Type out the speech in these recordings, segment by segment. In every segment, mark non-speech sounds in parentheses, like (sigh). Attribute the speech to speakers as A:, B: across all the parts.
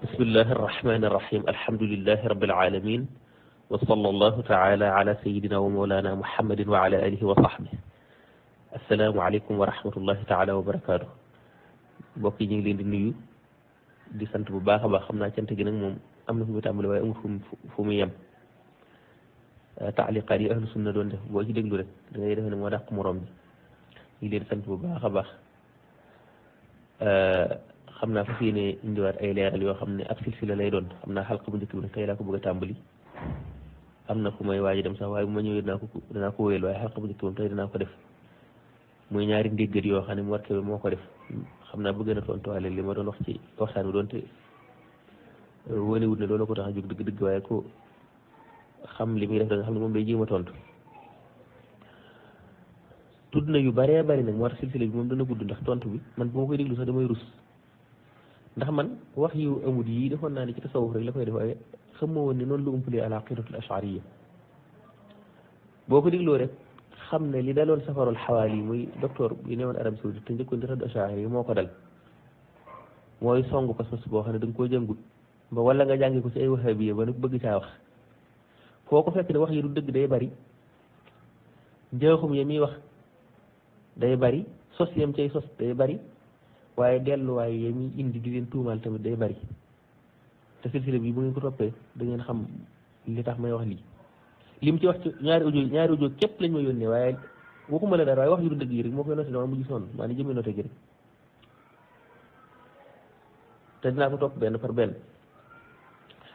A: بسم الله الرحمن الرحيم الحمد لله رب العالمين وصلى الله تعالى على سيدنا ومولانا محمد وعلى آله وصحبه السلام عليكم ورحمة الله تعالى وبركاته بوكي نيو لي دي سانت بو باخا با خمنا سانت جي نك موم امنا فمي تامل واي تعليق لي اهل السنه دون ديف بو جي دغلو ريك دا ngay def ni mo dak mu rom xam naa fas yéene indiwaat ay leeral yoo xam ne ab silsila lay doon xam naa xalqa bu njëkk bi nag tey laa ko bëgg a tàmbali am na fu may waaj dem sax waaye bu ma ñëwee dinaa ko dinaa ko wéyal waaye xalqa bu njëkk bi tey dinaa ko def muy ñaari ndéggat yoo xam ne mu warke moo ko def xam naa bëgg na tontuwaale li ma doon wax ci waxtaan bi doonte euh, wane wut ne loolu ko tax a jóg dëgg-dëgg waaye ko xam li muy def da xam ne moom day jéem a tontu tudd na yu bëree bëri nag moo tax silsila bi moom dana gudd ndax tont bi man bu ma koy déglu sax damay rus ndax man wax yi amut yii defoon naa ne ci tasawuf rek la koy def waaye xamoo woon ne noonu lu umpalee al aqidatul yi boo ko dégloo rek xam ne li daloon safarul xawaali muy docteur bi newoon arab saudi te njëkkoon di radd ashari yi moo ko dal mooy song pas-pas boo xam ne danga ko koo jàngut ba wala nga jàngi ko ci ay wahabiya ba nag bëgg caa wax foo ko fekk ne wax yi du dëgg day bari njaaxum ya muy wax day bari sos yem cay sos day bari waaye dellu yi muy indi di leen tuumaal tamit day bari te silsila bi bu ngeen ko toppee da ngeen xam li tax may wax lii lim ci wax ci ñaari audio ñaari audio képp lañ ma yónnee waaye waxuma la dara waaye wax yu dëgg yi rek moo koy noté dama mujj sonn maa ni jëmee noté gi rek te dinaa ko topp benn par benn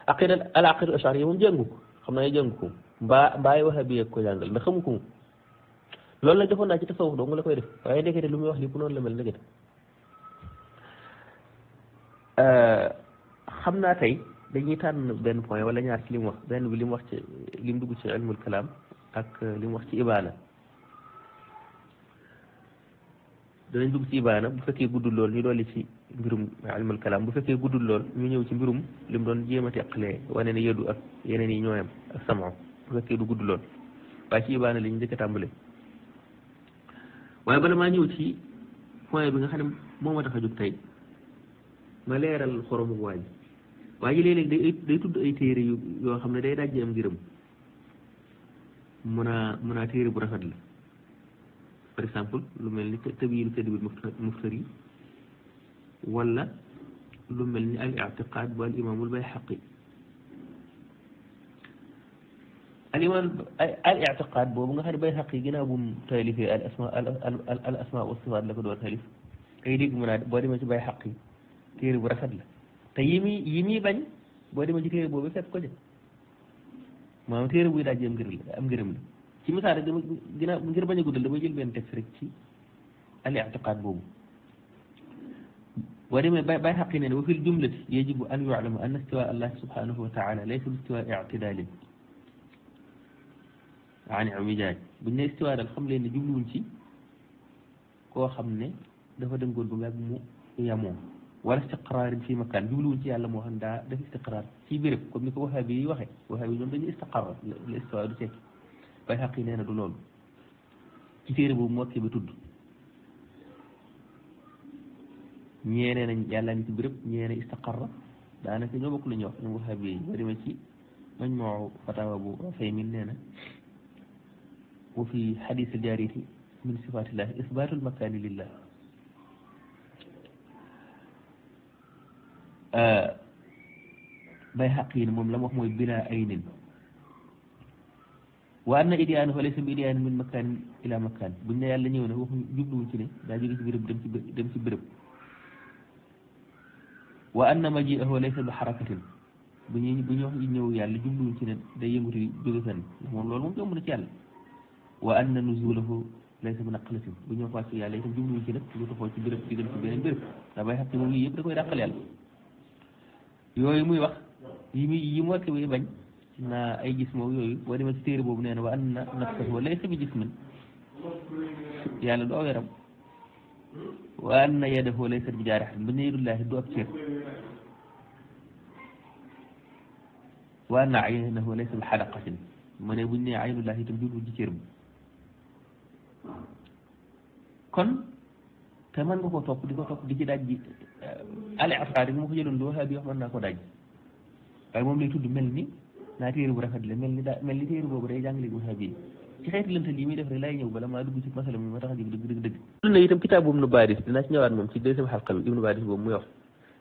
A: aqida al aqida ashari moom ko xam naa jàngu ko mbaa mbaay wahabi ko jàngal ndax xamu ko loolu la joxoon naa ci tasawuf dong la koy def waaye ndekete lu muy wax lépp noonu la mel ndekete Euh, xam naa tey dañuy tànn benn point wala ñaar ci li wax benn bi li wax ci li dugg ci ilmul ak euh, li wax ci ibaana danañ dugg ci ibaana bu fekkee guddul lool ñu dolli ci mbirum ilmul kalaam bu fekkee gudd lool ñu ñëw ci mbirum li mu doon jéem a teqalee wane ne yëdu ak yeneen yi ñooyam ak sama bu fekkee du gudd lool waaye ci ibaana li njëkk a waaye bala maa ñëw ci point bi nga xam ne moom moo tax a jóg tey ma leeral xoromu waa ji waa léeg-léeg day day tudd ay téere yu yoo xam ne day dajje am ngërëm mën a mën a téere bu rafet la par exemple lu mel ni tabiiru tadbir muftari wala lu mel ni al i'tiqaad bu al imaamul bayhaqi al imaam al itiqad boobu nga xam ne bayhaqi ginnaaw bu mu al asma al asma wa sifat la ko doon talif kay dégg mën a boo demee ci bayhaqi téere bu rafet la te yi muy yi muy bañ boo demee ci téere boobu fekk ko jë maanaam téere buy daaj am ngërëm la am ngërëm la ci misaal rek dama dina ngir bañ a guddal damay jël benn texte rek ci al i'tiqaad boobu boo demee bay bay xaqi ne ne wa fil jumlati yajibu an yu'lama anna istiwaa allahi subhanahu wa taala laysa bi istiwaa i'tidaalin an i'wijaaj buñ ne istiwaa xam leen ne jubluwuñ ci koo xam ne dafa dëngoon ba nga mu yamoo ولا استقرار في مكان دولو جي الله مهندا دا استقرار في بيرب كوم نيكو وهابي واخي وهابي دون دني استقرار الاستواء دو تيك باي حقي نينا دو لول كي تير بو موكي بي تود نان يالا نتي بيرب نيينا استقرار دا نك نيو بوك لو نيو وهابي بري ما سي من فتاوى بو فيمين نينا وفي حديث الجاريه من صفات الله اثبات المكان لله بيهقي المهم لم أخمي بلا أين وأن إديانه وليس بإديان من مكان إلى مكان بنا يالا نيونا هو جبلو تي دا جيغي برب دم سي برب وأن مجيئه ليس بحركة bu ñuy bu ñuy wax ñëw yàlla jubluñ ci ne day yëngatu jóge fenn ndax moom loolu moom jomb na ci yàlla wa anna nuzulahu laysa bi naqlatin bu ñëw wàcc yàlla itam jubluñ ci nag lu taxoo ci béréb di dem ci beneen béréb da bay xam ne moom lii yëpp da koy dàqal yàlla yooyu muy wax yi muy yi mu wax muy bañ naa ay gis moom yooyu boo demee ci téere boobu nee na wa anna nafsahu laysa bi jismin yàlla du aw yaram wa anna yadahu laysat bi jaarihatin bu ne yadullaahi du ab cër wa anna aynahu laysat bi xalaqatin mu ne buñ ne aynullaahi itam jublu ci cër bi kon te mën nga koo topp di ko topp di ci daj ji ale afraad mu naa ko daj waaye moom lay mel ni naa téere bu rafet la mel ni daa mel ni téere boobu day jàngale bu xabi ci xeeti lëntal muy def rek laay ma tax a jóg dëgg dëgg dëgg tudd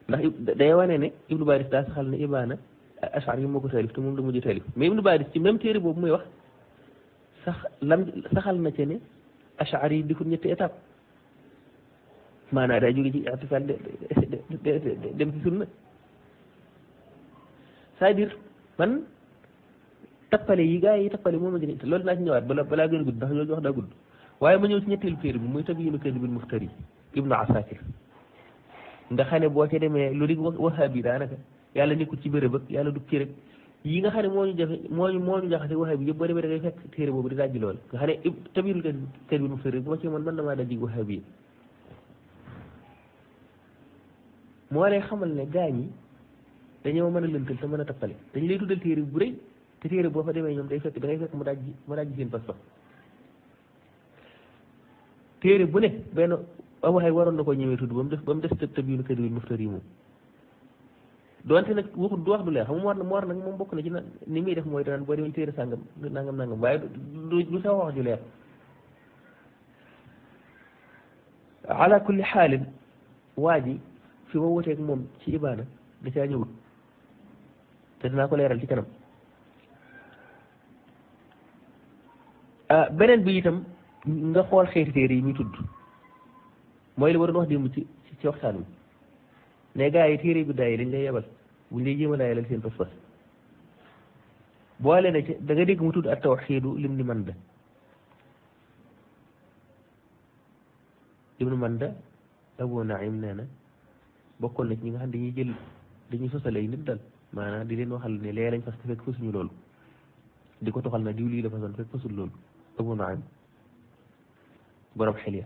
A: na itam day wane ne ibnu baris daa saxal ne ibaana ashar yi moo ko te moom la mujj taalif mais ibnu baris ci même téere boobu muy wax sax saxal na ci ne ashar yi di ko ñetti étape maanaa daa jóge ci itisaal dem ci sunna c'est-à-dire man tappale yi gars yi tappale moom a gën a loolu naa ñëwaat bala balaa gën a gudd ndax jox wax daa gudd waaye ma ñëw ci ñetteelu téere bi muy tabyiinu kaadibil muftari ibnu asakir nga xam ne boo ca demee lu dig wahaabi daanaka yàlla nekkul ci bërëb ak yàlla du ci rek yi nga xam ne moo ñu jafe moo ñu moo ñu jaxase wahaabi yëpp boo demee da ngay fekk téere boobu di laaj lool nga xam ne tabyiinu muftari bu ma ci mën mën na maa daj dig wahaabi moo lay xamal ne gaa ñi dañoo mën a lëntal te mën a tappale dañ lay tuddal téere bu rëy te téere boo fa demee ñoom day fekk da ngay fekk mu daaj mu daaj seen pas bu ne benn abu waroon na ko ñëwee tudd ba mu def mu def tëb tëb yu nu kër yi muftar yi moom donte nag du wax du leer xam nga mu war nag moom bokk na ci ni muy def mooy danaan boo demee téere sàngam nangam nangam waaye du sa wax ju leer ala kulli xaalin waa ji fi ma wuteeg moom ci ibaada da caa ñëwul te naa ko leeral ci kanam ah, beneen bi itam nga xool xeeti téere yi ñu tudd mooy li waroon wax démb ci ci waxtaan wi ne gaa yi téere bi daay dañ lay yebal bu lay jéem a seen pas-pas boole na ci dégg mu tudd at tawxiidu lim ni man da lim ni man da abu naim nee na bokkoon na ci ñi nga xam dañuy jël dañuy sosal ay nit dal maanaam di leen waxal ne lee lañ fas te fekk fasuñu loolu di ko toxal na diw lii la fasoon fekk fasul loolu Abu Nuaym borom xel ya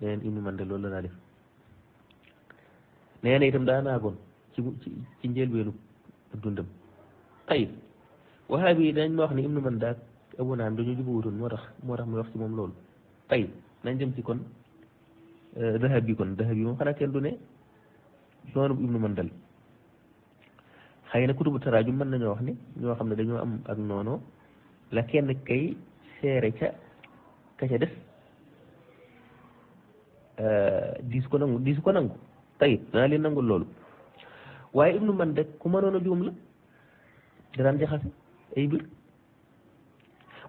A: neen loolu la daa def nee na itam daa naagoon ci ci njëlbeenu dundam tayib waxaab dañ ma wax ne Ibnu Manda ak Abu Nuaym dañu jubawutoon moo tax moo tax muy wax ci moom lool tayib nañ dem ci kon euh, dahab bi kon dahab moom xanaa kenn du yoonub ibnu mandal xëy na kutubu taraaju mën nañoo wax ni ñoo xam ne dañoo am ak noonu la kenn kay seere ca ka ca des euh, diis ko nangu diis ko nangu tayit danaa leen nangul loolu waaye ibnu mandal ku mënoon a juum la daan jaxase ay bir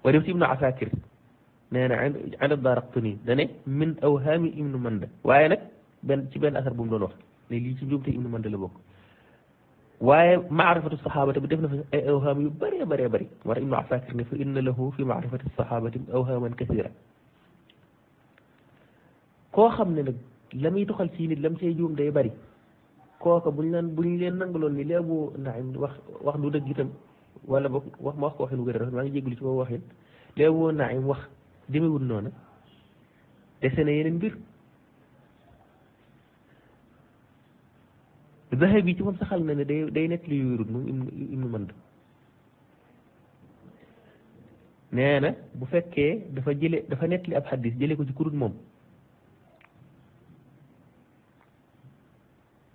A: waaye def ci ibnu asakir nee na ànd waaye nag benn ci benn asar bu mu doon mais li ci njuumte Ibnu Manda la bokk waaye maarifatu saxaabati bi def na fa ay awhaam yu bari bari bari war tax Ibnu Asakir ne fa inna lahu fi ma'rifati saxaabati awhaman kasira ko xamne nak lamuy la doxal ci nit lam say juum day bari kooka buñ leen buñ len nangalon ni lebu Abu Naim wax wax du deug itam wala bok wax ma wax ko waxin wu ma ngi jégalu ci ko waxin lebu Abu Naim wax demewul nona dese yenen bir الذهبي تي مام ساخال ناني داي داي نيت لي يورود مام ام مند نانا بو فكه دا فا جيلي دا فا نيت لي اب حديث جيلي كو سي كورود مام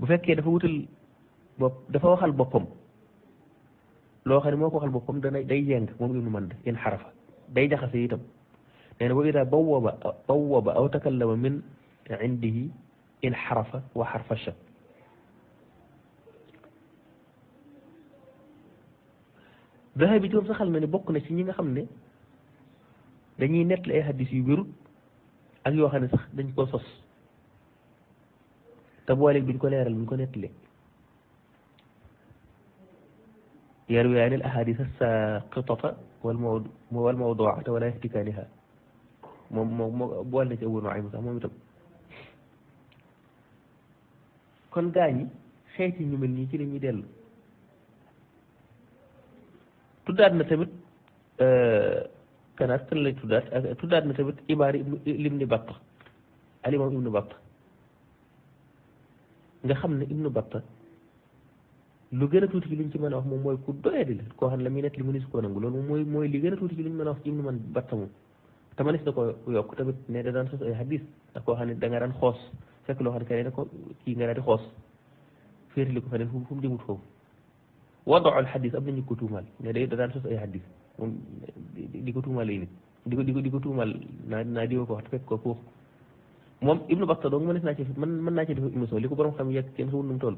A: بو فكه دا فا ووتال دا فا واخال بوبام لو خاني موكو واخال بوبام دا داي يينغ مام ام مند ان حرفا داي جاخاسي ايتام نانا بو اذا بوب بوب او تكلم من عنده انحرف وحرف الشك ذهب جوم سخل من بوك نا سي نيغا خامني دا ني نيت لاي حديث يي ويرو اك يو خاني سخ دنج كو سوس تا بوالي بن كو ليرال بن كو نيت لي يروي عن الاحاديث الساقطه والموضوع والموضوعه ولا احتكالها بوالي جو نعيم سخ مومي تام كون غاني خيتي ني ملني سي لي ني دلو tu daat na tamit euh, kanaat kan lay tuddaat ak tuddaat na tamit Ibaari Ibnu Batta alimaam Ibnu Batta nga xam ne Ibnu Batta lu gën a tuuti ci liñ ci mën a wax moom mooy ku doyadi la koo xam ne la muy nekk li mu ni su ko nangu loolu moom mooy mooy gën a tuuti ci liñ mën a wax Ibnu man Batta moom te na ko yokk tamit ne da sos ay hadis ndax koo xam ne da nga daan xoos fekk loo xam ne kay ne kii nga daan di xoos féetali ko feneen fu mu jëmut foofu wadaul xadis am nañu ko tuumaal ne day da daan sos ay xadis moom di ko tuumaal ay nit di ko di ko di tuumaal naa naa ko fekk ko ko moom ibnu Batta dong mën naa ci mën mën naa ci def li ko borom xam yàgg kenn xamul nu mu toll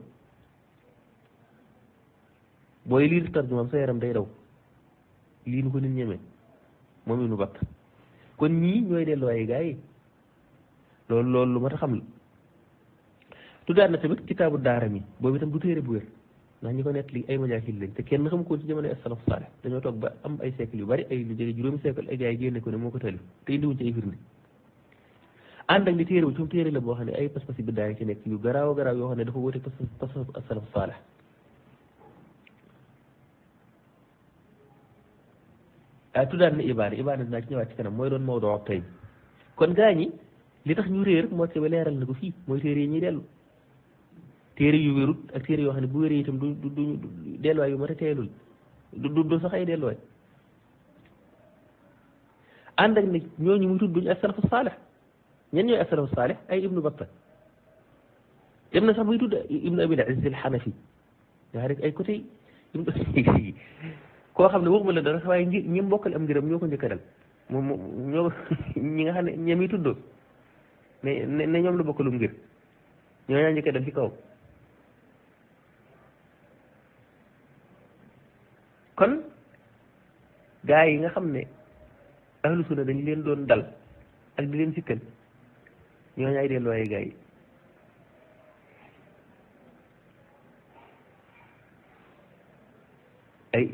A: sa yaram day daw lii nu ko nit ñemee moom ibnu Batta kon ñii ñooy delloo ay gars yi loolu loolu lu ma a xam la tuddaat na tamit kitaabu daara mi boobu itam du téere bu wér ndax ñi ko nekk li ay majaahil lañ te kenn xam ko ci jamono salaf saalih dañoo toog ba am ay siècle yu bari ay juróomi ci ci la boo xam ne ay pas-pas yi biddaa ci nekk yu garaaw garaaw yoo xam ne dafa wóote pas-pas salaf saalih ah tuddaat na ibaada ibaada naa ci ñëwaat ci kanam mooy doon mawdoo tay kon gaa ñi li tax ñu réer moo ci ba leeral na ko fii mooy téere yi dellu téere yu wérut ak téere yoo xam ne bu wéree itam du du du delluwaay yu mat a teelul du du sax ay delluwaay ànd ak ne ñooñu muy tudd duñu asalafu ay ibnu Battal dem tudd ibnu Abil Aziz al-Hanafi yaa rek (laughs) koo xam ne waxuma la dara waaye ngir ñi mbokkal am ngiram ñoo ko njëkk a dal moom (laughs) ñi nga xam ne ñoom yi tuddoo ne ne ñoom la bokkalum ngir ñoo ñaa dal ci kaw. kon gaa yi nga xam ne ahlu sunna dañ leen doon dal ak di leen sikkal ñooñu ay delloo ay gaa yi ay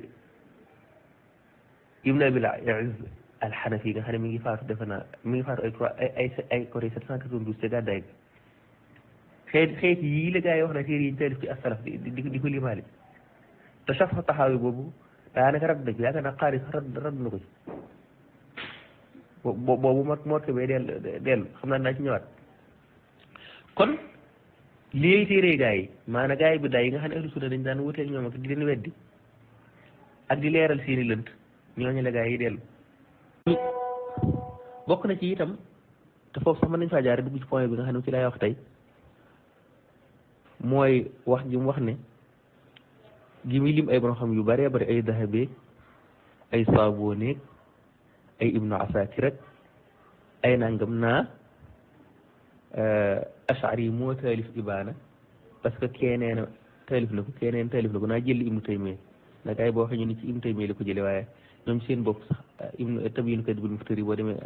A: ibn abil aiz alxanafi yi nga xam ne mi ngi faatu defe naa mi ngi faatu ay trois ay ay koré sept cent quatre-vingt-douze te wax na téere yi ñu taalif ci asalaf di di ko limaale te safa taxaawi boobu daanaka rab na ci yaakaar naa xaalis rab rab na ko ci boobu mot mot bay dell dellu xam naa naa ci ñëwaat kon lii téere gaa yi maanaam gaa yi bi daay yi nga xam ne ahlu sunna dañ daan wuteeg ñoom ak di weddi ak di leeral seeni lënt ñooñu la gaa yi dellu bokk na ci itam te foofu sax mën nañ faa jaare dugg ci point bi nga xam ne ci laay wax tey mooy wax ji wax ne gi muy lim ay borom xam yu bëree bëri ay dahabe ay saaboneeg ay ibnu asakir ak ay nangam naa ashari moo taalif ibaana parce que keneen taalif na ko keneen taalif na ko ibnu taymiya nag ay boo xam ni ci ibnu taymiya la ko jële waaye seen bopp sax ibnu tabiinu kadibul muftari boo demee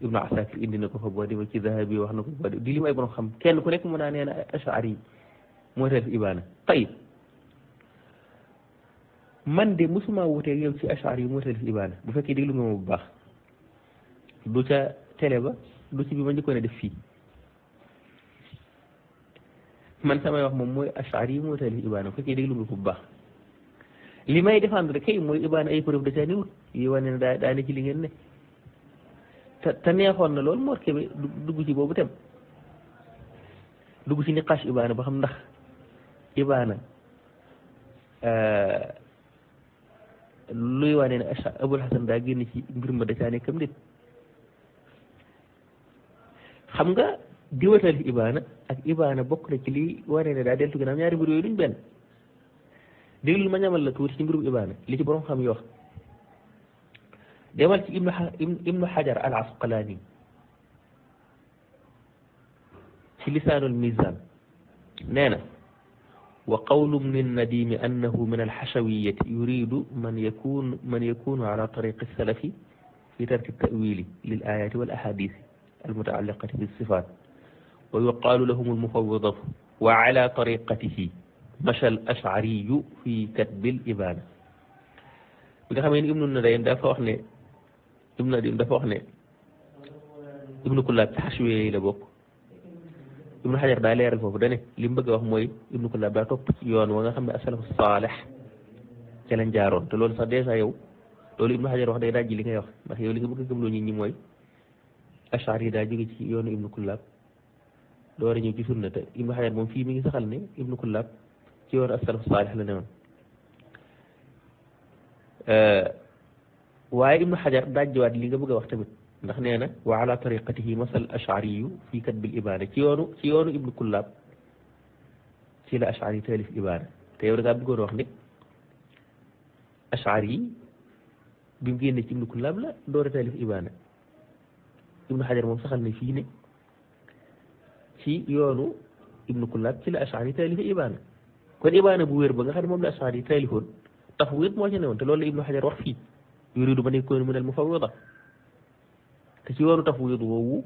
A: ibnu asakir indi na fa boo demee ci dahabi wax na ko di lim ay borom xam kenn ku nekk mu naa nee ashari moo tax ibaana tayib man de musuma wuteeg yow ci ashar yi moo tax ibaana bu fekkee déglu nga ma bu baax du ca télé ba du ci bi ma njëkkoon a def fii man samay wax moom mooy ashar yi moo tax ibaana bu fekkee déglu nga ko bu baax li may défendre kay mooy ibaana ay preuve da caa niwut yi wane daa daa ne ci li ngeen ne te te neexoon na loolu Mor Kébé dugg ci boobu tem dugg ci niqaas ibaana ba xam ndax ibaana luy wane ne acha abul hasan daa génn ci mbir ma da caa nekkam nit xam nga diwatal ibaana ak ibaana bokk na ci lii wane ne daa deltu ginnaaw ñaari mbir yooyu duñ benn déglul ma ñamal la tuuti ci mbirum ibaana li ci borom xam yi wax demal ci ibnu ibnu xajar al asqalaani ci lisaanul mizaan nee na وقول ابن النديم أنه من الحشوية يريد من يكون من يكون على طريق السلف في ترك التأويل للآيات والأحاديث المتعلقة بالصفات ويقال لهم المفوضة وعلى طريقته مشى الأشعري في كتب الإبانة ابن النديم xamee ni ابن nadayn dafa wax ne ibnu nadim ibnu xajar daa leeral foofu dane li mu bëgg wax mooy ibnu kullab daa topp yoon wa nga xam ne asalafu saalex ca lañ jaaroon te loolu sax dèjà yow loolu ibnu xajar wax day dajji li ngay wax ndax li nga bëgg a ñi mooy ashar yi daa jóge ci yoonu ibnu kullab door a ñëw ci sunna te ibnu xajar moom fii mi ngi saxal ne ibnu kullab ci yoonu asalafu saalex la newoon euh, waaye ibnu xajar dajjiwaat li nga bëgg wax tamit ndax nee na wa ala tariqatihi masal ashariyu fi katb al ibaana ci yoonu ci yoonu ibnu kullaab ci la ashari taalif ibaana te yow da ngaa bëggoon wax ne ashari bi mu génnee ci ibnu kullaab la door a taalif ibaana ibnu xajar moom saxal na fii ne ci yoonu ibnu kullaab ci la ashari taalif ibaana kon ibaana bu wér ba nga xam ne moom la ashari taalifoon tafwiid moo ci newoon te loolu la ibnu xajar wax fii yuridu man yakuna min al mufawwida te ci weeru tafwid woowu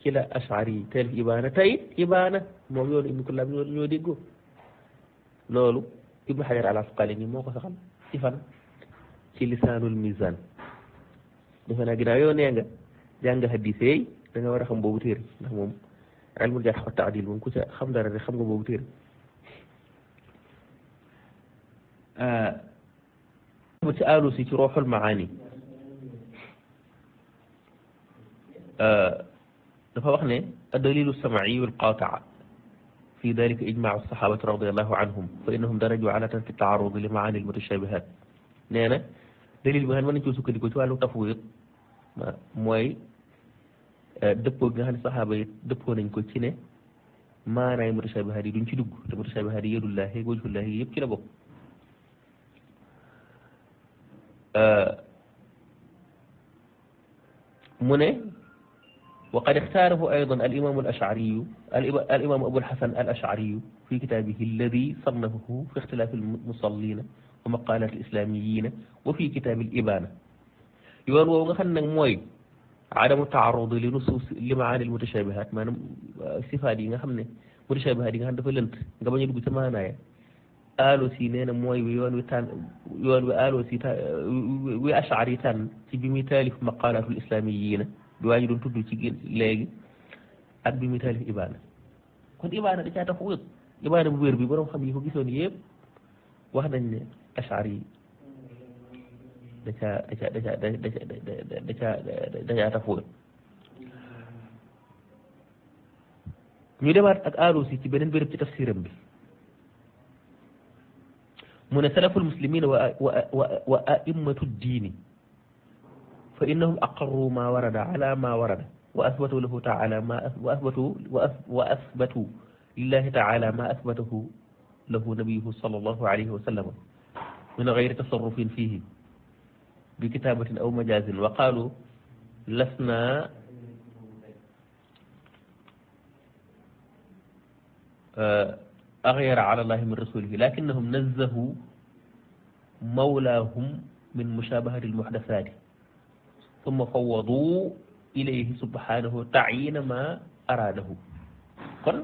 A: ci la ashari yi teel ibaana tayit ibaana moom yoonu ibnu kullaab ñoo ñoo déggoo loolu ibnu xajar al asqalani moo ko saxal ci fan ci lisaanul mizan defe naa ginnaaw yow nee nga jàng hadis yi da nga war a xam boobu téere ndax moom ilmul jarh wa taadil moom ku ca xam dara rek xam nga boobu téere bu ci aalusi ci ruuxul maani آه، دفا واخني الدليل السمعي القاطع في ذلك اجماع الصحابه رضي الله عنهم فانهم درجوا على في التعرض لمعاني المتشابهات نانا دليل بهن من نجو سوك ديكو توالو تفويض موي آه، دبو غا الصحابة صحابه دبو نانكو سي ما راي متشابهات دي دون سي دغ متشابهات يد الله وجه الله ييب كي لا وقد اختاره أيضا الإمام الأشعري الإمام أبو الحسن الأشعري في كتابه الذي صنفه في اختلاف المصلين ومقالات الإسلاميين وفي كتاب الإبانة يقول وو موي عدم التعرض لنصوص لمعاني المتشابهات مانام آه، صفات yi متشابهات yi nga قبل dafa lënt آلو bañ a dugg ci maanaaya aalosi nee na mooy wi yoon wi tànn yoon wi aalosi wi bi waa ji doon tudd ci léegi at bi muy taalif ibaana kon ibaana da caa tax wér ibaana bu wér bi borom xam yi ko gisoon yëpp wax nañ ne asaar yi da caa da caa da caa da da caa da caa demaat ak Aalusi ci beneen béréb ci tafsiram bi mu ne salaful muslimina wa wa wa diini فإنهم أقروا ما ورد على ما ورد وأثبتوا له تعالى ما وأثبتوا وأثبتوا لله تعالى ما أثبته له نبيه صلى الله عليه وسلم من غير تصرف فيه بكتابة أو مجاز وقالوا لسنا آه، أغير على الله من رسوله لكنهم نزهوا مولاهم من مشابهة المحدثات summa fawwadu ilayhi subhanahu taayina ma araadahu kon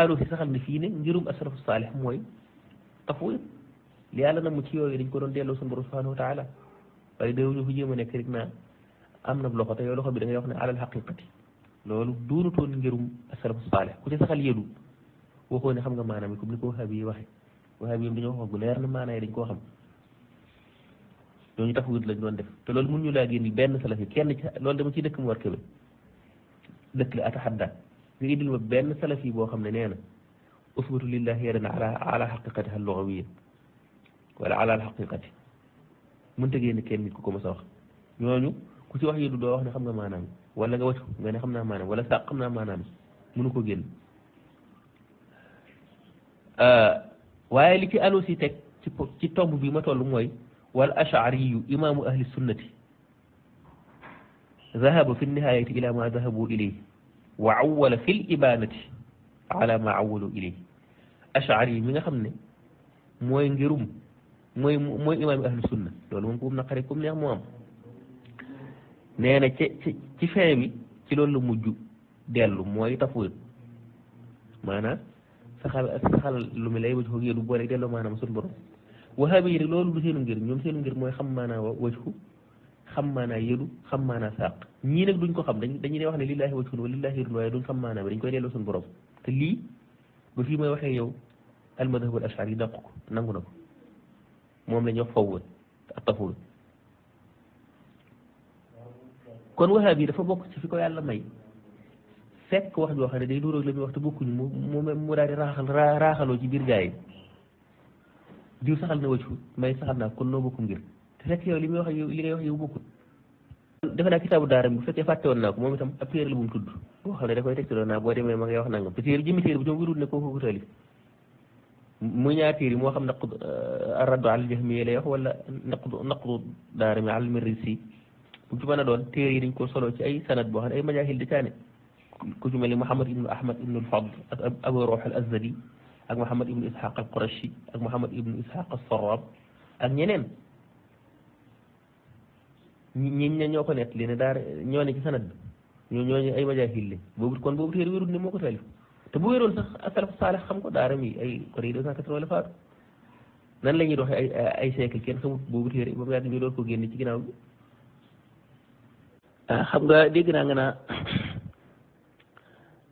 A: aalu fi saxal ne fii ne ngirum asrafu saalih mooy tafu yëpp li yàlla na mu ci yooyu dañ ko doon delloo suñu borom subhanahu wa taala waaye déewuñu ko jéem a am na loxo te yow loxo bi da ngay wax ne alal xaqiqati loolu doonutoon ngirum asrafu saalih ku ci saxal yëdu waxoo ne xam nga maanaam yi comme ni ko waxaabi yi waxe waxaabi yi dañoo wax gu leer na maanaam xam ñooñu taxawut lañ doon def te loolu mun ñu laa génn benn salafi kenn ci loolu dama ciy dëkk mu war këbe dëkk la atahadda nga indil ma benn salafi boo xam ne nee na usbatu lillahi yadan ala ala xaqiqati al lugawiya wala ala al xaqiqati mënta génn kenn nit ku ko mos a wax ñooñu ku ci wax yi du doo wax ne xam nga maanaam wala nga wacc nga ne xam naa maanaam wala sàq xam naa maanaam mënu ko génn waaye li ci alu si teg ci tomb bi ma toll mooy والأشعري إمام أهل السنة ذهب في النهاية إلى ما ذهبوا إليه وعول في الإبانة على ما عولوا إليه أشعري من خمنة موين جروم موين إمام أهل السنة لو لم يكن نقريكم يا موام نانا تفهمي تلول مجو ديالو موين تفوين مانا سخال سخال لو ملايب تهوغي لبوالي ديالو مانا مصر wahabi yi nag loolu du seenu ngir ñoom seenu ngir mooy xam maanaa wajhu xam maanaa yëdu xam maanaa saaq ñii nag duñ ko xam dañ dañu ne wax ne lillaahi wajhun wa lillaahi yëdun xam maanaa bi dañ koy delloo suñu te lii ba may waxee yow almadhabul ashari yi dàq ko nangu na ko moom la wax fawwat ak taful kon wahabi yi dafa bokk ci fi ko yàlla may fekk wax joo xam ne day duróog la muy wax te bokkuñu mu mu mu daal di raaxaloo ci biir gaa yi diw saxal na wajhu may saxal naa kon noo bokk ngir te fekk yow li muy wax yow li ngay wax yow bokkul defe naa kitaabu daara bi bu fekkee fàtte woon naa ko moom itam ab téere la bu mu tudd boo xam ne da koy tegtaloo naa boo demee ma ngay wax nangam te téere jëmi téere bi ñoom wirul ne kooku ko taalif mu ñaar téere moo xam naqdu raddu al jahmiya lay wax wala naqdu naqdu daara mi al mirisi bu ci mën a doon téere yi dañ ko solo ci ay sanad boo xam ne ay majaahil di caane ku ci mel ni Muhammad ibnu Ahmad ibnu al Fadl ak Abu Ruux al Azadi ak Muhammad ibnu Ishaq al Qurashi ak Muhammad ibnu Ishaq al Sarrab ak ñeneen ñiñ ne ñoo ko nett li ne daara ñoo ne ci sanad ñoo ñooñu ay majaahil lañ boobu kon boobu ne moo ko taalif te bu wéroon sax salaf saalix xam ko daara mi ay kori deux cent la faatu nan la ñuy doxee ay ay siècle kenn xamut boobu téere ba mu ñu door ko génne ci ginnaaw bi ah, xam nga dégg naa nga naa (coughs)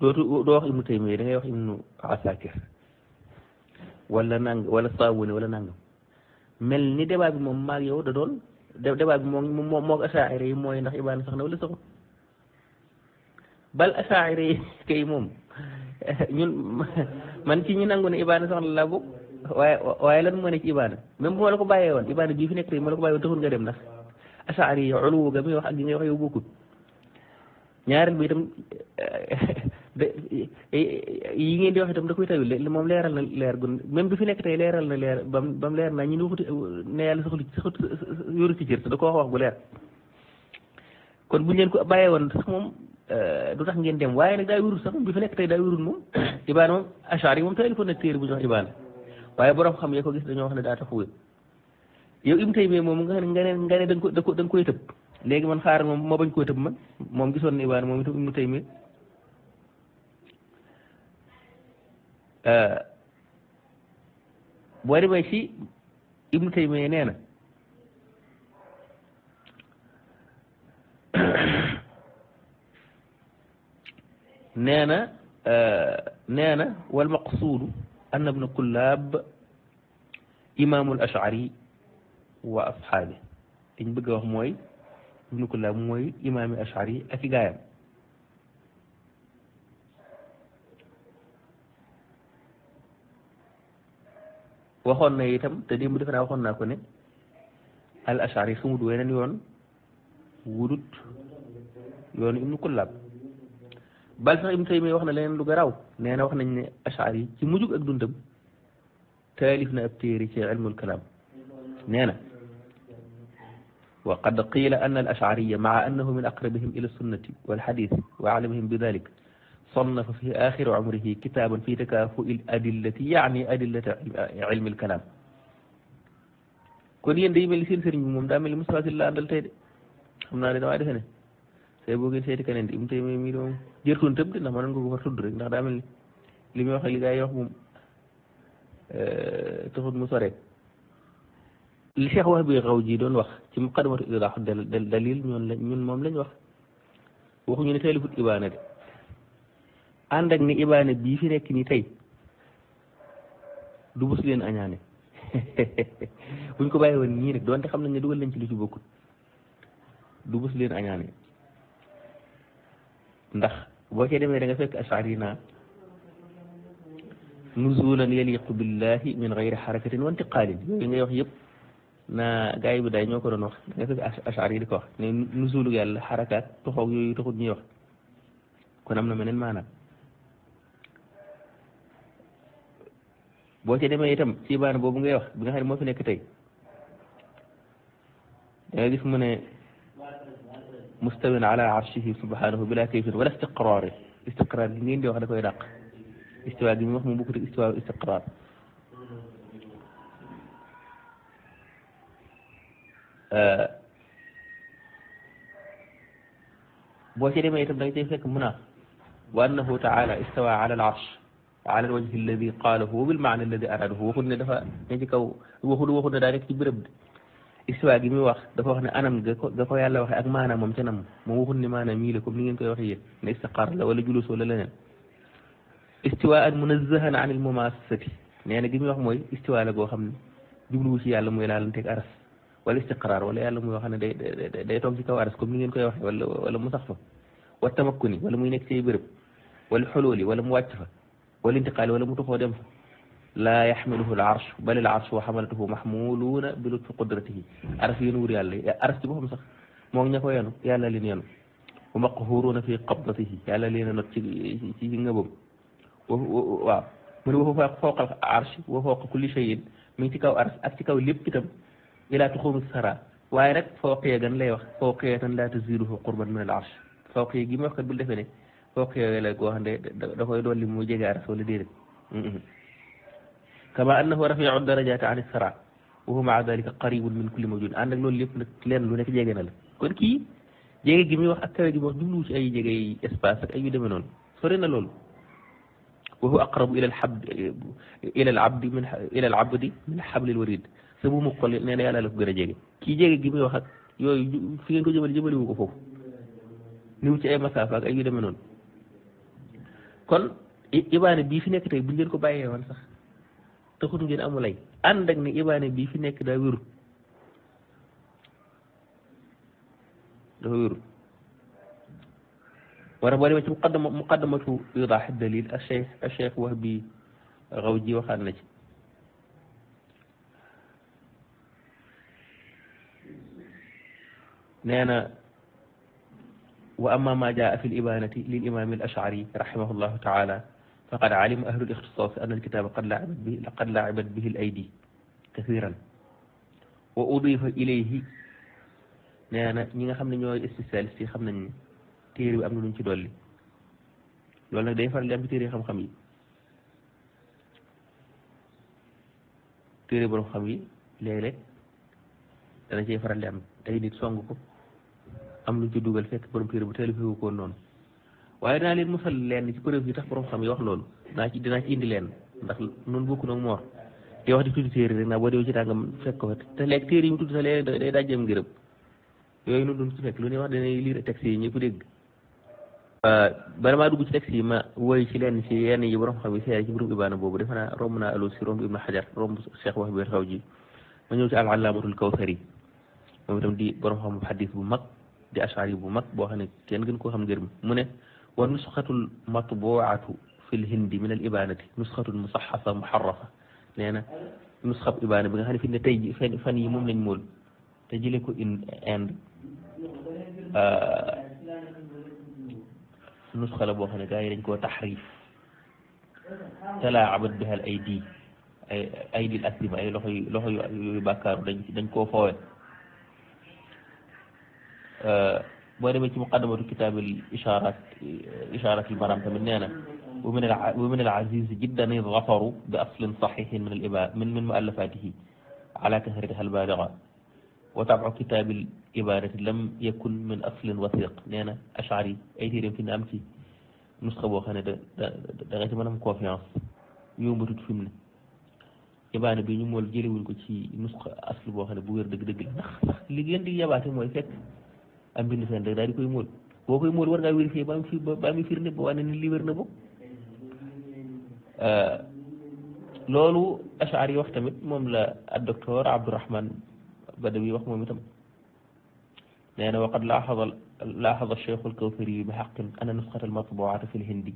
A: dootu doo wax ibnu Taymiya da ngay wax ibnu Asakir wala nang wala saawune wala nangam mel ni débat bi moom maag yow da doon débat bi moom moo moog ndax ibaana sax na wala saxul bal asaa'ira yi (laughs) kay (laughs) (laughs) man ci ñu nangu ne ibaana sax na laa bokk waaye waaye lan moo ne ci ibaana même bu la ko bàyyee woon ibaana bii fi nekk tey ma la ko bàyyee woon taxul nga dem ndax asaa'ira yi uluwu ga muy wax ak gi ngay wax yow bokkut ñaareel bi itam de yi ngeen di wax itam da koy tawil de moom leeral na leer gun même bi fi nekk tey leeral na leer bam bam leer na ñu ne waxuti ne yàlla saxul saxut yoru ci cër te da ko wax wax bu leer kon buñu leen ko bàyyee woon sax moom euh, du tax ngeen dem waaye nag daa wérul sax moom bi fi tey daa wérul moom (coughs) ibaana moom achar yi moom tawil ko na téere bu ñu wax ibaana waaye borom xam yee ko gis dañoo wax ne daata tax wér yow im tay moom nga ne nga ne da nga koy da nga koy tëb léegi man xaaral moom moo bañ koy tëb man moom gisoon na ibaana moom itam im tay mais boo demee ci ibnu taymiya (coughs) nee na nee uh, na nee na wal maqsuudu anna ibna kullaab imaamul ashari wa ashaabi dañ bëgg a wax mooy ibnu kullaab mooy imaami ashari ak i gaayam waxoon na itam te démb defe naa waxoon naa ko ne al ashari xamut weneen yoon wudut yoonu ibnu kullaab bal sax ibnu taymiya wax na leneen lu garaaw nee na wax nañ ne ashari ci mujjug ak dundam taalif na ab téere ci ilmul kalaam nee na وقد قيل أن الأشعرية مع أنه من أقربهم إلى السنة والحديث وأعلمهم بذلك صنف في آخر عمره كتابا في تكافؤ الأدلة يعني أدلة علم الكلام كون يين دي ملي سير سير موم دامي مصطفى الله اندال تاي خمنا لي دواي ديفني سي بوغي سيت كانين دي امتي مي ميروم جيرتون تيب دنا مانن كوكو تود رك ندا دامي لي مي واخ لي غاي واخ موم ا آه، تفوت مصوري لي شيخ واه بي غاوجي دون واخ في مقدمه الاضاحه دليل نون نون موم لاني واخ واخو ني تيلي فوت ابانه دي ànd ak ni ibaane bii fi nekk ni tey du bës leen añaane (laughs) buñ ko bàyyi woon nii rek donte xam nañ ne dugal nañ ci lu ci bokkut du añaane ndax boo cee demee da nga fekk ashari naa nuzulan yaliqu billahi min gayri xarakatin wa intiqaalin yooyu ngay te yëpp naa yi bu daay ñoo ko doon wax da ko wax ne nuzulu yàlla xarakaat toxoog yooyu taxut ñuy wax kon na meneen maanaam boo ci demee itam ci baana boobu ngay wax bi nga xam ne moo fi nekk tey da gis mu ne mustawin ala arshihi subhanahu bila kayfin wala istiqraari istiqrar gi ngeen di wax da koy dàq istiwa gi mu wax mu bokkut istiwa istiqrar boo ci demee itam da nga cay fekk mu naa wa annahu taala istawa ala al arsh على الوجه الذي قاله بالمعنى الذي أراده وخذنا دفع نجي كو وخذ وخذ ذلك تبرب إسوا جمي وخ دفع هنا أنا مجا كو دفع يلا وخ أجمع أنا ممكن أم مو خذ نما أنا ميل كم نين كي وخير نيس قار لا ولا جلوس ولا لنا استواء منزها عن المماسة يعني أنا جمي وخ موي استواء لجو خم جلوس يلا مو يلا نتك أرس والاستقرار ولا يلا مو خنا دي دي دي دي تومسي كو أرس كم نين كي وخير ولا ولا مسخفة والتمكني ولا مينك تبرب والحلول ولا مواجهة والانتقال ولم تخدم لا يحمله العرش بل العرش وحملته محمولون بلطف قدرته عرش ينور يالا عرش بوخم صح مو ñako yenu yalla leen yenu wa maqhuruna fi qabdatihi yalla leen not ci ci ngabam wa من وهو فوق العرش وفوق كل شيء من تكاو عرش اك تكاو لب تام الى تخوم الثرى واي رك فوقيه غن لاي wax فوقيه لا تزيره قربا من العرش فوقيه جي ما wax kat bu fook yo wele goo hande ɗo koye ɗon limu jega rasula dirin kama annahu rafiu darajati an isra wa huwa maa dalika qaribun min kulli mawjud ànd ak loolu lépp nag leen lu nekk jege na la kon kii jege gi muy wax ak kawe gi mu wax jublu ci ay jegey espace ak ay yu demee noonu sori na loolu wa huwa aqrabu ila alhabd ila alabdi min ila alabdi min habli alwarid sa bu mu xol nee na yàlla la ko gën a jege kii jege gi muy wax ak yooyu fi ngeen ko jëmale jëmale wu ko foofu niw ci ay masaafa ak ay yu demee noonu kon ibaane bii fi nekk tey buñ leen ko bàyyee woon sax taxut ngeen amulay ànd ak ne ibaane bii fi nekk daa wérul dafa wérul wara boo demee ci muqaddama muqaddamatu idah dalil a cheikh a cheikh wax bi raw ji waxaat وأما ما جاء في الإبانة للإمام الأشعري رحمه الله تعالى فقد علم أهل الاختصاص أن الكتاب قد لعبت به, لقد لعبت به الأيدي كثيرا وأضيف إليه نانا نيغا خامن نيو استسال سي خامن ني تيري ام نون سي دولي لولا داي فار تيري خام خامي تيري بروم خامي ليلي دا نجي فار لي ام تاي am lu ci dugal fekk borom téere bu taalif wu ko noonu waaye naa leen mosal leen ci preuve yi tax borom xam yi wax lool naa ci dinaa ci indi leen ndax noonu bokk na moor te wax di tudd téere rek ci tàngam fekk ko te léegi téere yi mu tudd sax léegi day dajjam yooyu noonu doon fekk lu ne wax danay lire texte yi ñëpp dégg euh, bala maa dugg ci texte yi ma woy ci leen ci yenn yi borom xam yi seere ci borom ibaana boobu defe naa romb naa Alusi romb Ibnu Xajar romb xaw ji ma ñëw ci al-Allaamatul Kawsari moom di borom xam xadis bu mag di ashar yi bu mag boo xam ne kenn gën koo xam ngir mu ne wa nusxatul matbuatu fi lhindi min al ibanati nusxatul musaxafa muxarrafa nee na nusxab ibaana bi nga xam ne fi ne tey ji fan yi moom lañ mool te jële ko in Inde nusxa la boo xam ne gars yi dañ koo taxrif talaacabat biha al aydi ay aydi al aslima ay loxo yu loxo yu bàkkaaru dañ dañ koo foowe boo demee ci muqaddamatu kitaabil isharat isharat al baram ومن ومن العزيز جدا الظفر بأصل صحيح من الإباء من من مؤلفاته على كثرتها البالغة وطبع كتاب الإبارة لم يكن من أصل وثيق نانا أشعري أي تيرين في نامتي نسخة وخانة دا غيتي منام كونفيانس يوم بتوت فيمنا يبانا بي نيو مول جيلي وين كو سي نسخة أصل بوخانة بو وير دغ دغ لا نخ لي ген دي يباتي موي فك am bind seen rek daal di koy móol boo koy móol war ngaa vérifier ba am fi ba am firnde ba wane ni lii wér na ko loolu ashar yi wax tamit moom la ak docteur Abdourahman Badawi wax moom itam nee na waqad laaxada laaxada cheikhu alkawthari bi xaqin ana nusxata almatbuata fi lhindi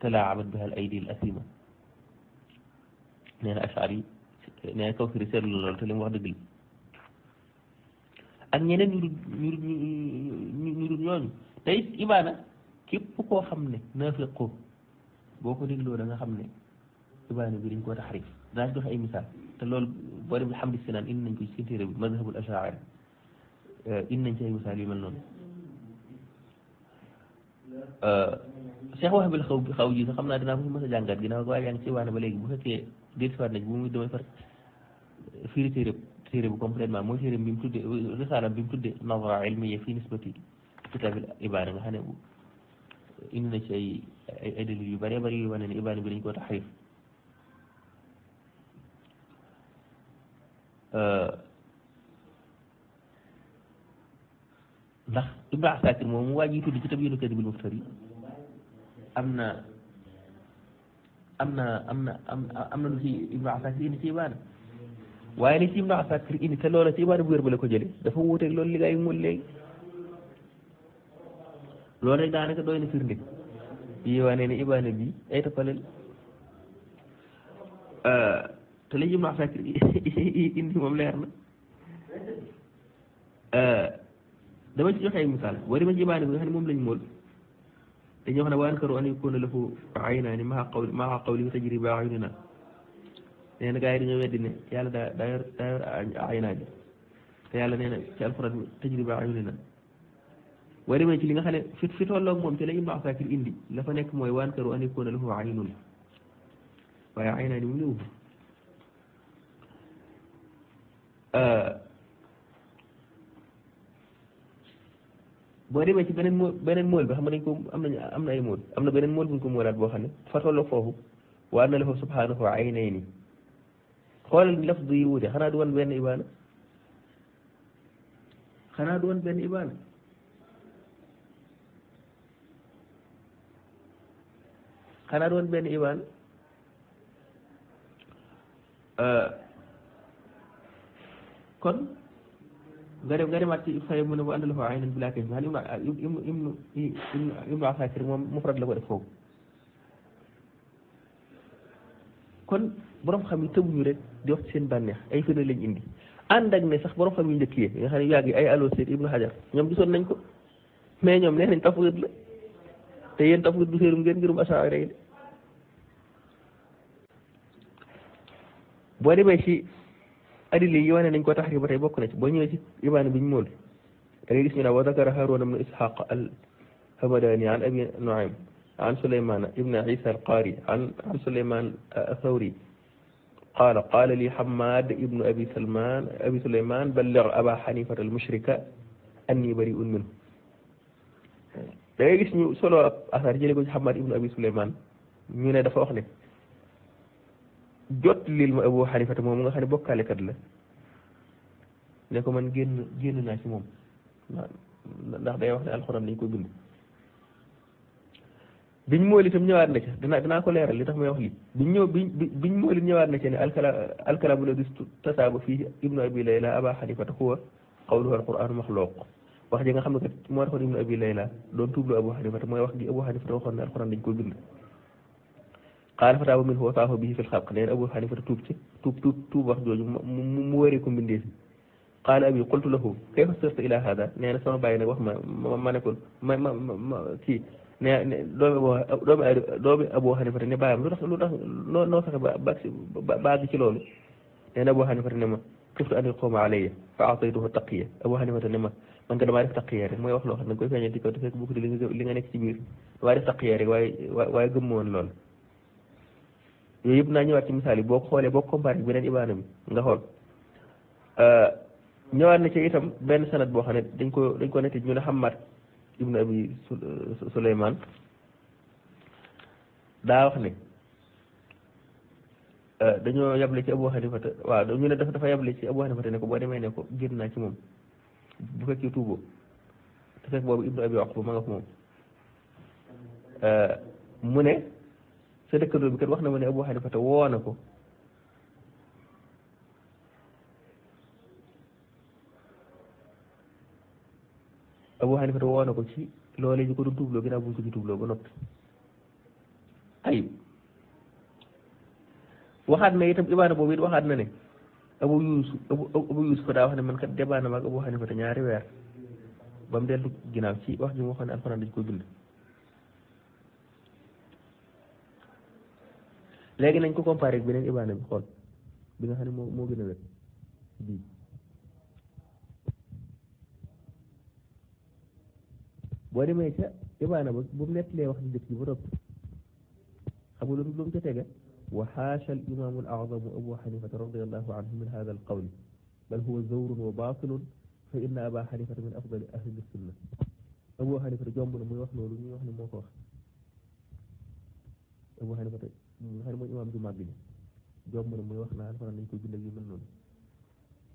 A: talaacabat biha al aydi al asima nee na ashar yi nee na kawthari seetlu loolu te li mu wax dëgg la ak ñeneen ñu ñu ñooñu te it imaana képp koo xam ne naafiq ko boo ko dégloo da nga xam ne imaana bi dañ koo taxrif daañu joxe ay misaal te lool boo dem alhamdu sinaan indi nañ ko ci bi mazhabul ashaari eh, indi nañ ci ay misaal yu mel noonu eh, Cheikh Wahab xaw Xawji a xam naa dinaa ko fi mës a jàngat gi waaye yaa ngi ci waane ba léegi bu fekkee déet si waat nañ bu muy damay far firi téere تيرم كومبليمون مو تيرم بيم تودي رسالة بيم تودي نظرة علمية في نسبة كتاب الإبانة هنا إن شيء أدل يبري بري وأن الإبانة بلينكو تحريف ndax ibn asakir moom mu waaji tudd kitab yéenu kadi bi mu fari am na am na am na am na lu ci ibn asakir yéen ci ibaana waaye li ci Ibnu Asakir indi te loola ci ibaada bu wér ba la ko jële dafa wuuteeg lool li gaa yi mu léegi loolu rek daanaka doy na yi wane ne ibaada bi ay tappale la euh, te li ci Ibnu Asakir indi moom leer na euh, dama ci joxe ay misaal boo demee ci ibaada bi nga xam ne moom lañ mool dañuy wax ne wa ankaru an yakuna lahu aynaani maa qawli maa qawli tajri bi ayunina neena gaay gaa yi dañoo weddi ne yàlla da daa yor daa yor aynaaji te yàlla neena ci alxuraan mi tajriba ayuni na boo ci li nga xam ne fi fi tolloog moom ci la Ibnu Asakir indi la fa nekk mooy waan këru an yakuna lahu aynun waaye aynaani mu ñëw boo demee ci beneen mool beneen mool bi xam nañ ko am nañ am na ay mool am na beneen mool bu ñu ko moolaat boo xam ne fa tolloog foofu waan na lahu subhanahu aynayni xoolal laf du yi wuute xanaa du woon benn ibaana xanaa du woon benn ibaana xanaa du woon benn ibaana kon nga dem nga demaat ci fay mu ne bu àndal fa aynan bilaa kayf xal ibnu ibnu ibnu ibnu asakir moom mufrad la ko def foofu kon borom xam yi tëbuñu rek di wax ci seen bànneex ay firnde lañ indi ànd ak ne sax borom xam yu njëkk yi nga xam ne yàgg ay alooseet ibnu xajar ñoom gisoon nañ ko mais ñoom nee nañ tafwid la te yéen tafwid du séerum ngeen ngirum asaari rek de boo demee ci adili yi wane nañ ko taxriib ba tey bokk na ci boo ñu ci ibaan biñ mool da ngay gis ñu naan wa zakara Haaruna ibnu Isxaaq al Hamadaani an abi Nuaym an Souleymane ibnu Isa al Qaari an an Souleymane Athawri qaala qaala li Hammad ibnu abi Salman abi Aba Hanifata al-mushrika anni bari'un minhu da ngay ñu solo ab jële ko ci Hammad ibnu abi Souleymane ñu ne dafa wax ne jot lil Abu Hanifata moom nga xam ne bokkaalekat la ne ko man génn génn naa ci moom ndax day wax ne alxuraan dañ ko bind. biñ mool tam ñëwaat na ca dina dina ko leeral li tax may wax li biñ ñëw biñ biñ mool ñëwaat na ca ni al alkalaamu al gis fi ibn abi layla aba ta huwa qawluhu qur'an makhluq wax ji nga xamne mo kat ibn abi layla do tuublu abu ta moy wax gi abu xanifata waxoon al qur'an dañ ko bind qala fa tabu min huwa taafa bihi fil khalq leen abu abu ta tuub ci tuub tuub tuub wax joju mu wéré ko bindé fi qaala abi qultu lahu kayfa sirta ila hada nee na sama bàyyi nag wax ma ma ma ne ko ma ma ma kii ne doomi doomi doomi Abu Hanifa ne baayam lu tax lu tax noo noo fexe ba ba baag ci loolu nee na Abu Hanifa ne ma xiftu an yaquuma alayya fa ataytuhu taqiya Abu Hanifa ne ma man nga damaa def taqiya mooy wax loo xam ne koy feeñal di ko def rek bokk rek waaye waaye gëmmu woon yooyu yëpp naa ñëwaat ci misaal yi boo xoolee boo ko comparé ak beneen ibaana bi nga xool euh, ñëwaat na ci itam benn sanad boo xam ne dañ ko dañ ko netti ñu ne xammaat ibnu abi suleyman daa wax ne euh, dañoo yable ci abu xanifata waaw dañu ne dafa dafa yable ci abu xanifata ne ko boo demee ne ko génn naa ci moom bu fekkee tuuboo te fekk boobu ibnu abi waqba ma nga ko moom euh, mu ne sa dëkkandoo bi kat wax na ma ne abu xanifata woo ko Abu Hanifa woo na ko ci loolee ñu ko doon tuubloo ginnaaw bu ñu ko tuubloo ba noppi ayib waxaat na itam ibaana boobu it waxaat na ne Abu Yuusuf Abu Yuusuf daa wax ne man kat débat na ma ak Abu te ñaari weer ba mu dellu ginnaaw ci wax ji mu waxoon ne alxuraan dañu ko bind. léegi nañ ko comparé ak beneen ibaana xool bi nga xam ne moo moo gën a wér boo demee ca ibaana ba bu mu nettalee wax ju jëkk ji ba topp xamu lu lu mu ca tege wa xaasha al imaamu al azamu abu xanifata radiallahu anhu min hada al qawli bal huwa zawrun wa baatilun fa inna aba xanifata min afdali ahli sunna abu xanifata jomb na muy wax loolu ñuy wax ne moo ko wax abu xanifata nga xam ne mooy imaam ju màgg ji jomb na muy wax naa alxuraan dañ koy bindal yu mel noonu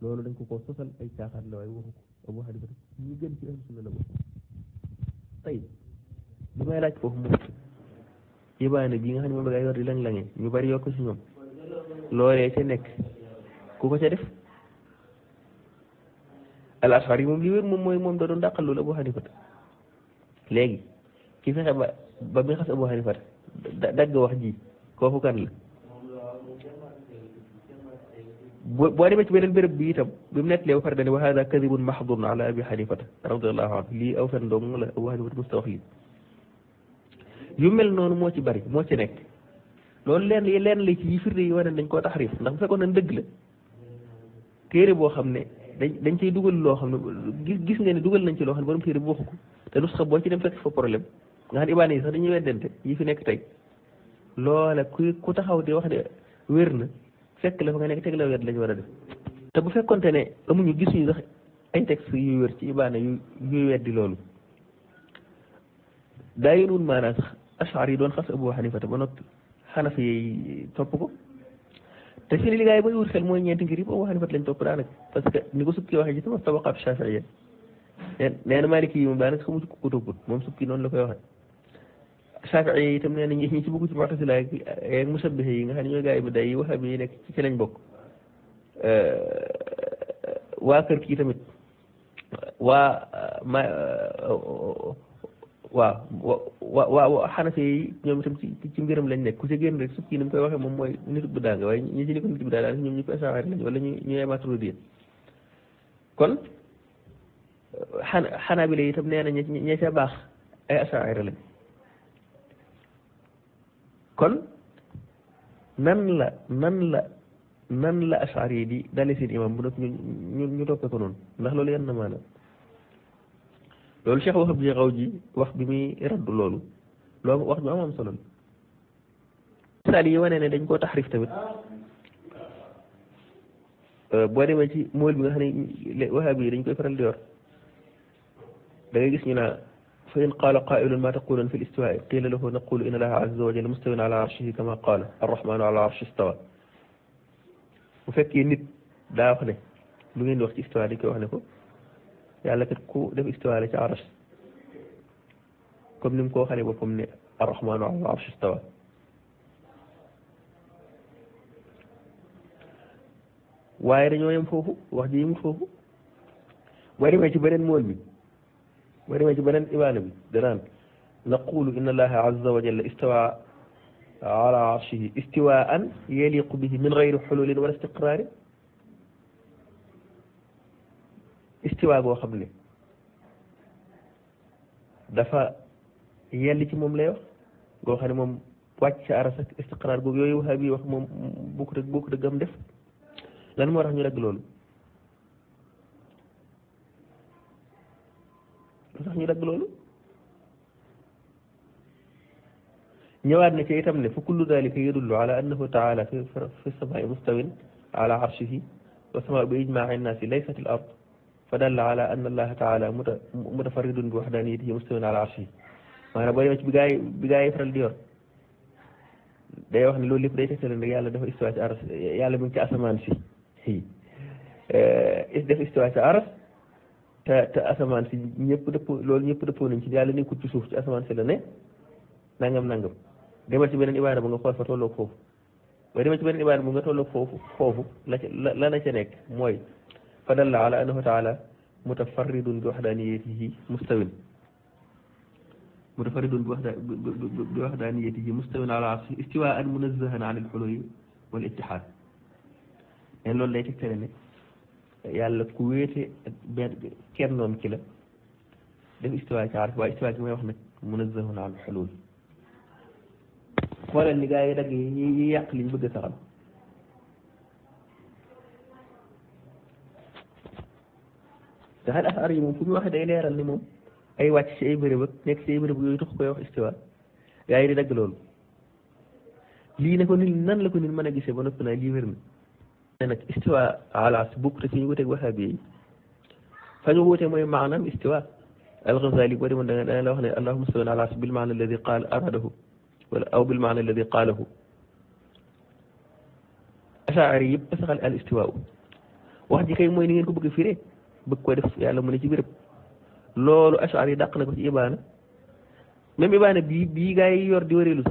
A: loolu dañ ko koo sosal ay caaxaan la waaye waxu ko abu xanifata ñu gën ci ahli sunna la bokk tey bi may laaj foofu moom ibaane bi nga xam ne moom la yor di lang-lange ñu bari yokk si ñoom loolee ca nekk ku ko ca def al ashar yi moom li wér moom mooy moom da doon dàqal loolu Abu Hanifa léegi ki fexe ba ba bi nga xas Abu Hanifa dagg wax ji kooku kan la وأنا مش بنبر بيتا بمنت لي أوفر دني وهذا كذب محض على أبي حنيفة رضي الله عنه لي أوفر دوم ولا وهذا مستوحيد يمل نون موتي باري موتي نك لون لين لي لين لي كيف ري وانا نكو تحريف نعم فكون ندقل كيري بو خمني دنج تي دوغل لو خمني غيس نين دوغل نانتي لو خمني بروم كيري بو خكو تا نسخ بو تي ديم فك فو اباني سا دني ويدنت يفي نك تاي لولا كوي كو تخاو دي واخ دي fekk la fa nga nekk teg la war a def te bu fekkonte ne amuñu gisuñu sax ay texte yu wér ci baa ibaana yu yuy weddi loolu daa yéen woon maanaam sax ashar yi doon xas abu xanifa te ba noppi xanafi yi topp ko te fii li gars yi bay wut xel mooy ñeenti ngir yëpp abu xanifa lañ topp daanaka parce que ni ko sukki waxee ci sama tabaqaab shafiiya nee na maaliki yi moom daanaka xamu ko topput moom sukki noonu la koy waxee Saafi'i yi tam nee nañ ñi ci bokk ci Mu'tazila ak musabbihi yi nga xam ne ñooy gaa yi day wahabi yi nekk ci lañ bokk waa kër kii tamit waa ma waaw waa waa Hanafi yi ñoom itam ci ci mbiram lañ nekk ku ci génn rek su kii koy waxee moom mooy nitu bu daanga waaye ñi ci ni ko nitu bu daanga daal ñoom ñu ko Ash'ari lañ wala ñu ñu Maturidi kon Hanabila itam nee na ña ca baax ay Ash'ari lañ kon nan la nan la nan la ashar yi di dale seen imam bu nag ñu ñu toppee ko noonu ndax loolu yenn maana loolu Cheikh Wahab ji xaw ji wax bi muy raddu loolu loo wax ju am am solo misaal yi wane ne dañ koo taxrif tamit euh, boo demee ci mool bi nga xam ne Wahab yi dañ koy faral di yor da gis ñu naa فإن قال قائل ما تقول في الاستواء قيل له نقول إن الله عز وجل مستوى على عرشه كما قال الرحمن على عرش استوى وفكي نت لا أخلي لين وقت استوى لك وحنك يعني لك كو دم استوى لك عرش كم نمكو خلي بكم الرحمن على عرش استوى waaye dañoo yem foofu wax ji yem foofu wari ma ci beneen mool bi مريم جبنان إيمان دران نقول إن الله عز وجل استوى على عرشه استواء يليق به من غير حلول ولا استقرار استواء بو خمني دفا يلي تي موم لاي wax غو خاني موم wacc aras ak istiqrar boobu yooyu wahabi wax moom bokk rek bokk ديف لان مو راه ني رك reg tax ñu dagg loolu ñëwaat na ci itam ne fa kullu dalika yadullu ala annahu taala fi fi samaai mustawin ala arshihi wa samaa bi ijmaai nnaasi laysat al ard fa dalla ala anna allaha taala mutafarridun bi waxdaniyatihi mustawin ala arshihi maanaam boo demee ci bi gaa yi bi gaa yi faral di yor day wax ne loolu lépp day tegtale ne yàlla dafa istiwaa ci aras yàlla mu ngi ci asamaan si def istiwaa ci aras te te asamaan si ñëpp dëppoo loolu ñëpp dëppoo nañ ci yàlla nekkul ci suuf ci asamaan si la ne nangam nangam demal ci beneen ibaara bu nga xool fa tolloog foofu waaye demal ci beneen ibaara bu nga tolloog foofu foofu la ca la la ca nekk mooy fa dalla ala annahu taala mutafarridun bi waxdaaniyatihi mustawin mutafarridun bi waxda bi waxdaaniyatihi mustawin ala arshi istiwaan munazahan an alxuluwi wal ittixaad leen loolu lay tegtale ne yàlla ku wéete ak benn kenn noonu ki la def istiwaa ci arsh waaye istiwaa ci may wax nag munazzahun an xulul xoolal ni gaa yi dagg yi yi yàq liñ bëgg a saxal te xel affaire yi moom fu ñu waxee day leeral ni moom ay wàcc ci ay bërëb ak nekk ci ay bërëb yooyu tax koy wax istiwa gaa yi di dagg loolu lii ne ko nit nan la ko nit mën a gisee ba noppi naa lii wér na انك استوى على سبوك رسي وتك وهابي فنو وتك مي معنى استوى الغزالي ودي من دغن الله هنا اللهم صل على سب المعنى الذي قال اراده او بالمعنى الذي قاله اشعري بسغل الاستواء واحد كاي موي نين كو بغي فيري بك كو ديف يالا موني لولو اشعري داق نكو ابانا ميم ابانا بي بي غاي يور دي وريلو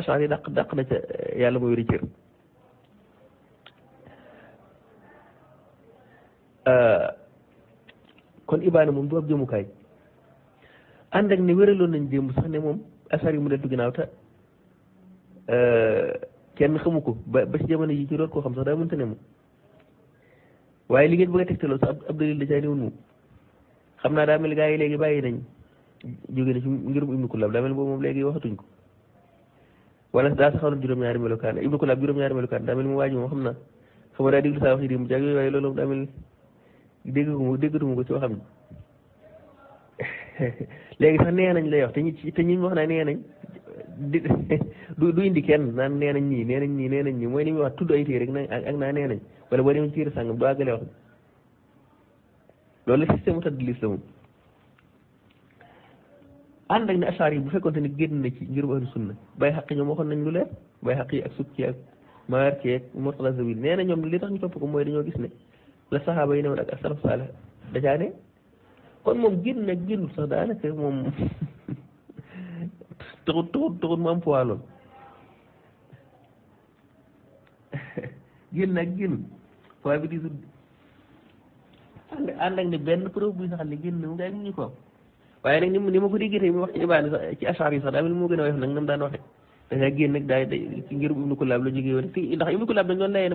A: اشعري داق داق نتا يالا Euh, kon Ibaana moom du ab jëmukaay ànd ak ne wéraloon nañ démb sax ne moom asar yi mu deltu ginnaaw te euh, kenn xamu ko ba ba ci jamono yi ñu doon koo xam sax daa mënta ne moom waaye li ngeen bëgg a tegtaloo sax ab dalil da caa néew nu xam naa daa mel gaa yi léegi bàyyi nañ jóge na ci ngirum Ibnu Kullab daa mel boobu moom léegi waxatuñ ko wala daa saxaw na juróom-ñaari melokaan Ibnu Kullab juróom-ñaari melokaan daa mel mu waaj moom xam naa xam nga daa déglu saa wax yi démb jaag yooyu loolu moom daa mel déggatuma déggatuma ko ci waxam ni léegi sax nee nañ lay wax te ñu ci te ñu wax na nee nañ du du indi kenn naan nee nañ ñii nee nañ ñii nee nañ ñii mooy li muy wax tudd ay téere rek na ak naa nee nañ wala boo demee téere sàngam du àggale wax loolu système u tadlis la moom ànd ak ne asaar bu fekkonte ni génn na ci ngirum ahlu sunna bay xaq ñoom waxoon nañ lu leer bay xaq yi ak sukki ak maar ci ak mortala zawil nee na ñoom li tax ñu topp ko mooy dañoo gis ne la saxaaba yi newoon ak asalaf saalih dajaa ne kon moom génn nag génnul sax daanaka moom (laughs) tuxut tuxut tuxut mu am poids lool (laughs) nag génn poids bi di sud ànd ànd ak ne benn preuve buy saxal ne génn mu ni ma ko déggee tey mu wax sax ci ashar yi sax daa a woyof waxee dañaa génn ngir ibnu kulaab la jógee woon fii ndax ibnu kulaab dañ doon la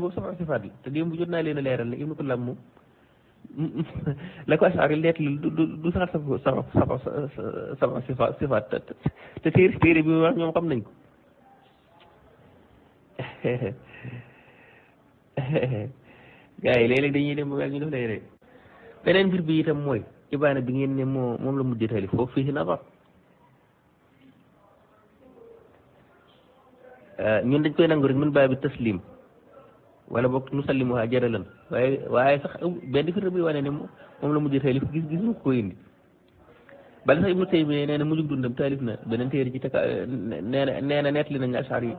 A: te démb jot a leeral ne ibnu kulaab moom (laughs) la ko asaar yi leet la du bi wax ñoom xam nañ ko (laughs) gars yi léeg-léeg dañuy dem ba ñu def lay rek beneen mbir bi itam mooy ibaana bi ngeen ne moo moom la mujjee taalif foofu fii si nabar Euh, ñun dañ koy nangu rek min baabi taslim wala boog nu sallimuha jaralan waaye waaye sax benn firnde buy wane ne moom la mujj taalif gis gis ko indi bala sax ibnu na mujj dundam taalif na beneen téere ci taka nee na nee na nettali nañ ashar yi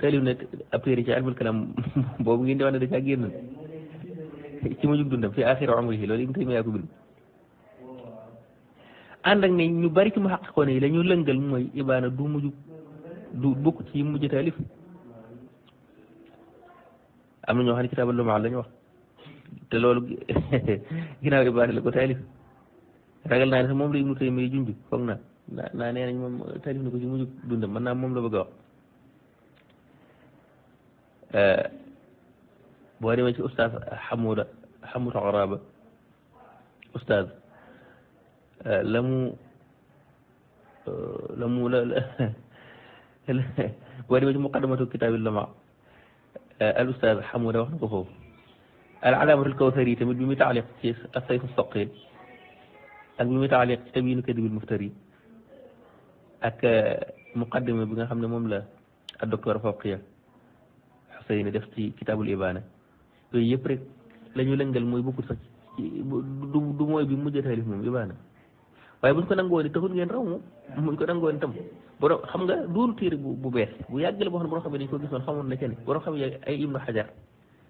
A: taalif na ab téere ci ilmul kalam (laughs) boobu ngeen di wax ne da caa génn ci mujj dundam fi axira umrihi loolu ibnu taymiya ko bind ànd ak ne ñu bari ci mu xaqiqoon yi la ñu lëngal mooy ibaana du mujj du bokk ci mujj taalif am na ñoo xam ne kitaabal lu maax la ñu wax te loolu (laughs) ginnaaw ibaati la ko taalif ragal naa ne moom la Ibnu Taymiya junj foog na naa naa nee nañ taalif na ko ci mujj dundam mën naa moom la bëgg a wax boo demee ci ustaaz Hamuda Hamuda Xaraaba ustaaz la mu la la (laughs) وليس مقدمة كتاب اللماء الأستاذ حمودة وحنقه العلامة الكوثرية تمد بمتعليق الشيخ السيخ الثقيل المتعليق تبين كذب المفتري أك مقدمة بغا خمنا مملة الدكتور فوقية حسين دفتي كتاب الإبانة ويبرك لن يلنج الموي بكو سك دو موي بمجد هاليهم الإبانة waye buñ ko nangoo ni taxul ngeen raw mu buñ ko nangoo ni tam borom xam nga doolu téere bu bu bees bu yàgg la boo xam ne borom xam ne dañ ko gisoon xamoon na ca ne borom ay ibnu xajar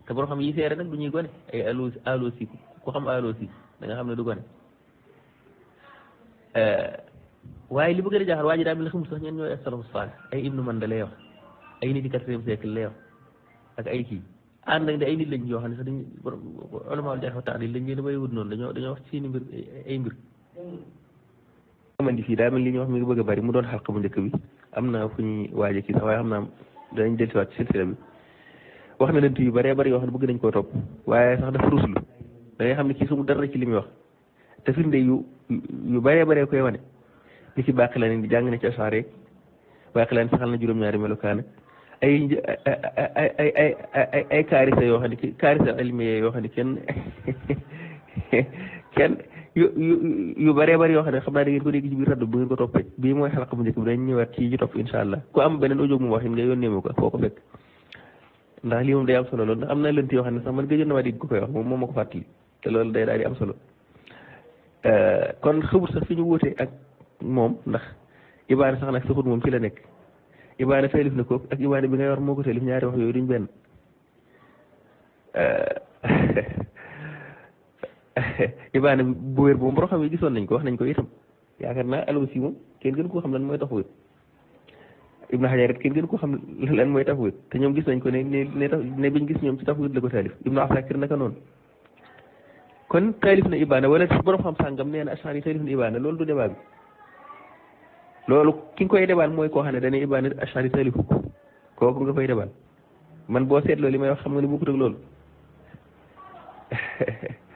A: te borom xam yi seere nag du ñuy gone ay alo alosi ku xam alosi da nga xam ne du gone euh, waaye li bëgg a jaaxal waa ji daa mel ne xamul sax ñeen ñooy salafu saalih ay ibnu manda lay wax ay nit yi quatrième siècle lay ak ay kii ànd ak ay nit lañ yoo xam ne sax dañuy ulama al jarh wa a bay wut noonu dañoo dañoo wax ci seeni mbir ay mbir xamante fii daa mel li wax mi ngi bëgg a bari mu doon xalqa njëkk bi am na fu ñuy waaje kii sax waaye xam naa danañ dellusiwaat ci silsila bi wax na leen yu bëree bëri yoo xam ne bëgg nañ koo topp waaye sax dafa ruslu da ngay xam ne kii dara ci li muy wax te firnde yu yu bëree bëree koy wane li ci Baaqilaani di jàng na ci asaar rek Baaqilaani saxal na juróom-ñaari melokaan ay ay ay a ay ay kaarisa yoo xam ne kaarisa alimiya yoo xam kenn (laughs) yu yu bëree bëri yoo xam ne xam naa da ngeen ko dégg ci biir rajo bu ngeen ko toppee bii mooy xalaq bu njëkk bi dañ ñëwaat ci ji topp incha allah ku am beneen audio mu wax it nga yónnee ma ko foo ko fekk ndax lii moom day am solo loolu ndax am na lënt yoo xam ne sax man gëjoon na ma dégg ko koy wax moom moo ma ko fàttali te loolu day daal di am solo euh, kon xamut sax fi ñu wóotee ak moom ndax ibaane sax nag saxut moom ci la nekk ibaane taalif na ko ak ibaane bi nga yor moo ko taalif ñaari wax yooyu duñ benn euh, (laughs) (laughs) ibaana bu wér boobu borom xam yi gisoon nañ ko wax nañ ko itam yaakaar naa aloosi moom kenn gën koo xam lan mooy tax wér ibnu rek gën koo xam lan mooy tax te ñoom gis nañ ko ne ne tax ne biñ gis ñoom ci tax wér la ko taalif noonu kon taalif na ibaana wala borom xam sàngam nee na ashar yi taalif na ibaana loolu du débat bi loolu ki koy debal mooy koo xam ne dañuy ibaana ashari talifu ko kooku nga koy debal man boo seetloo li may wax xam nga ne bokkut ak loolu (laughs)